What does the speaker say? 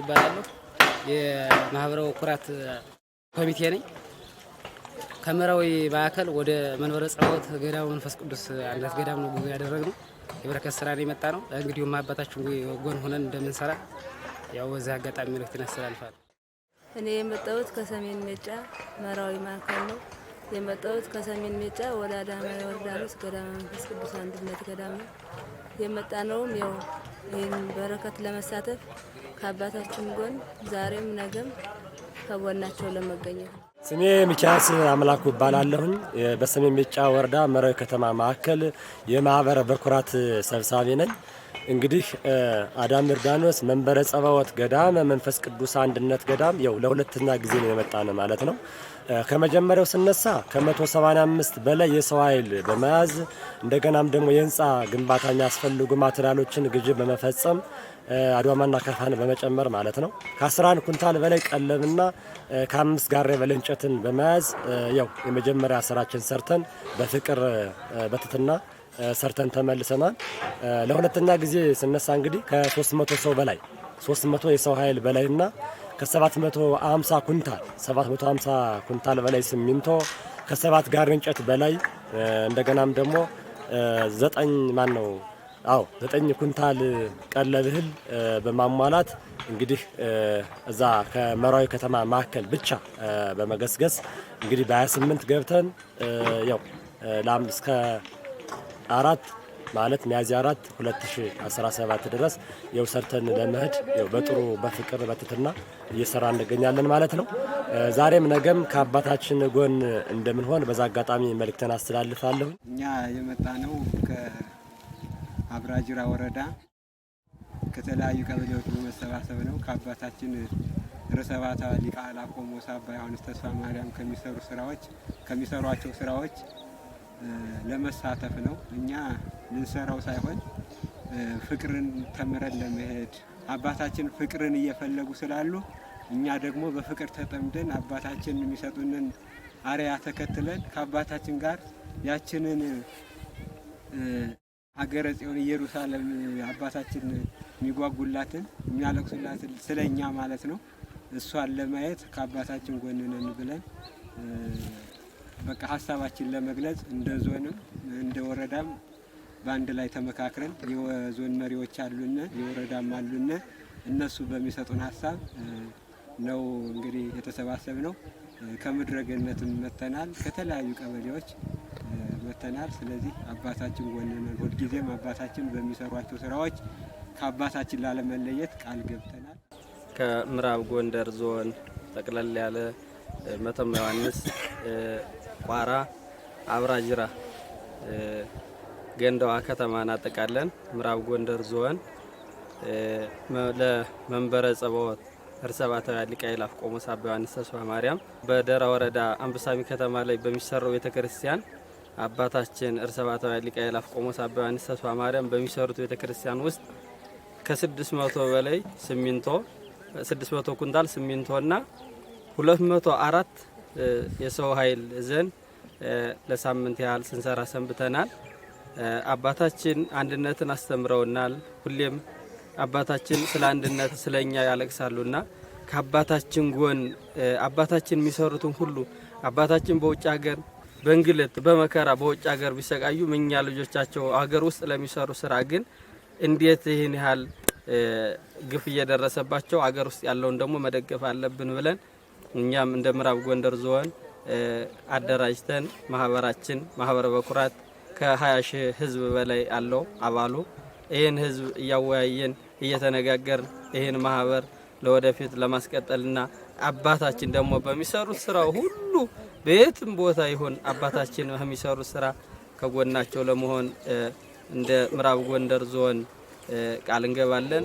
ጌታቸው እባላለሁ። የማህበራዊ ኩራት ኮሚቴ ነኝ። ከምዕራዊ ማዕከል ወደ መንበረ ጸባዖት ገዳሙ መንፈስ ቅዱስ አንድነት ገዳም ነው ጉዞ ያደረግነው። የበረከት ስራ ነው የመጣ ነው። እንግዲህ አባታችን ጎን ሆነን እንደምንሰራ ያው በዚህ አጋጣሚ መልእክት እናስተላልፋለን። እኔ የመጣሁት ከሰሜን ሜጫ ምዕራዊ ማዕከል ነው የመጣሁት ከሰሜን ሜጫ ወደ አዳማ ዮርዳኖስ ገዳመ መንፈስ ቅዱስ አንድነት ገዳም ነው የመጣ ነውም ያው ይህን በረከት ለመሳተፍ ከአባታችን ጎን ዛሬም ነገም ከጎናቸው ለመገኘት። ስሜ ሚኪያስ አምላኩ እባላለሁኝ። በሰሜን ሜጫ ወረዳ መራዊ ከተማ ማዕከል የማህበረ በኩራት ሰብሳቢ ነኝ። እንግዲህ አዳም እርዳኖስ መንበረ ጸባወት ገዳም መንፈስ ቅዱስ አንድነት ገዳም ያው ለሁለተኛ ጊዜ ነው የመጣን ማለት ነው። ከመጀመሪያው ስነሳ ከ175 በላይ የሰው ኃይል በመያዝ እንደገናም ደግሞ የህንፃ ግንባታ የሚያስፈልጉ ማቴሪያሎችን ግዥ በመፈጸም አድዋማና ከፋን በመጨመር ማለት ነው ከ11 ኩንታል በላይ ቀለምና ከአምስት ጋር በላይ እንጨትን በመያዝ ያው የመጀመሪያ ስራችን ሰርተን በፍቅር በትትና ሰርተን ተመልሰናል። ለሁለተኛ ጊዜ ስነሳ እንግዲህ ከ300 ሰው በላይ 300 የሰው ኃይል በላይና ከ750 ኩንታል 750 ኩንታል በላይ ሲሚንቶ ከሰባት ጋር እንጨት በላይ እንደገናም ደግሞ ዘጠኝ ማን ነው አዎ ዘጠኝ ኩንታል ቀለል እህል በማሟላት እንግዲህ እዛ ከመራዊ ከተማ ማዕከል ብቻ በመገስገስ እንግዲህ በ28 ገብተን ያው ላም እስከ አራት ማለት ሚያዝያ አራት 2017 ድረስ የው ሰርተን ለመሄድ በጥሩ በፍቅር በትትና እየሰራ እንገኛለን ማለት ነው። ዛሬም ነገም ከአባታችን ጎን እንደምንሆን በዛ አጋጣሚ መልእክተን አስተላልፋለሁ። እኛ የመጣ ነው ከአብራጅራ ወረዳ ከተለያዩ ቀበሌዎች በመሰባሰብ ነው። ከአባታችን ርሰባታ ሊቃላ ሊቀ አባ ዮሐንስ ተስፋ ማርያም ከሚሰሩ ስራዎች ከሚሰሯቸው ስራዎች ለመሳተፍ ነው። እኛ ልንሰራው ሳይሆን ፍቅርን ተምረን ለመሄድ አባታችን ፍቅርን እየፈለጉ ስላሉ እኛ ደግሞ በፍቅር ተጠምደን አባታችን የሚሰጡንን አርያ ተከትለን ከአባታችን ጋር ያችንን ሀገረ ጽዮን ኢየሩሳሌም አባታችን የሚጓጉላትን የሚያለቅሱላትን ስለኛ ማለት ነው እሷን ለማየት ከአባታችን ጎንነን ብለን በቃ ሀሳባችን ለመግለጽ እንደ ዞንም እንደ ወረዳም በአንድ ላይ ተመካክረን የዞን መሪዎች አሉነ የወረዳም አሉነ እነሱ በሚሰጡን ሀሳብ ነው እንግዲህ የተሰባሰብ ነው። ከምድረገነትም መተናል፣ ከተለያዩ ቀበሌዎች መተናል። ስለዚህ አባታችን ወንነን ሁልጊዜም አባታችን በሚሰሯቸው ስራዎች ከአባታችን ላለመለየት ቃል ገብተናል። ከምዕራብ ጎንደር ዞን ጠቅለል ያለ መተማ ዮሐንስ፣ ቋራ፣ አብራጅራ፣ ገንዳዋ ከተማ እናጠቃለን። ምዕራብ ጎንደር ዞን ለመንበረ ጸባዖት ርእሰ ባሕታውያን ሊቀ አእላፍ ቆሞስ አባ ዮሐንስ ተስፋ ማርያም በደራ ወረዳ አንበሳሚ ከተማ ላይ በሚሰራው ቤተ ክርስቲያን አባታችን ርእሰ ባሕታውያን ሊቀ አእላፍ ቆሞስ አባ ዮሐንስ ተስፋ ማርያም በሚሰሩት ቤተ ክርስቲያን ውስጥ ከ600 በላይ ሲሚንቶ 600 ኩንታል ሲሚንቶና 204 የሰው ኃይል ዘን ለሳምንት ያህል ስንሰራ ሰንብተናል። አባታችን አንድነትን አስተምረውናል። ሁሌም አባታችን ስለ አንድነት ስለኛ ያለቅሳሉና ከአባታችን ጎን አባታችን የሚሰሩትን ሁሉ አባታችን በውጭ ሀገር በእንግልት በመከራ በውጭ ሀገር ቢሰቃዩ እኛ ልጆቻቸው ሀገር ውስጥ ለሚሰሩ ስራ ግን እንዴት ይህን ያህል ግፍ እየደረሰባቸው ሀገር ውስጥ ያለውን ደግሞ መደገፍ አለብን ብለን እኛም እንደ ምዕራብ ጎንደር ዞን አደራጅተን ማህበራችን ማህበረ በኩራት ከ20 ሺህ ህዝብ በላይ አለው አባሉ። ይህን ህዝብ እያወያየን እየተነጋገርን ይህን ማህበር ለወደፊት ለማስቀጠልና አባታችን ደግሞ በሚሰሩት ስራ ሁሉ በየትም ቦታ ይሁን አባታችን በሚሰሩት ስራ ከጎናቸው ለመሆን እንደ ምዕራብ ጎንደር ዞን ቃል እንገባለን።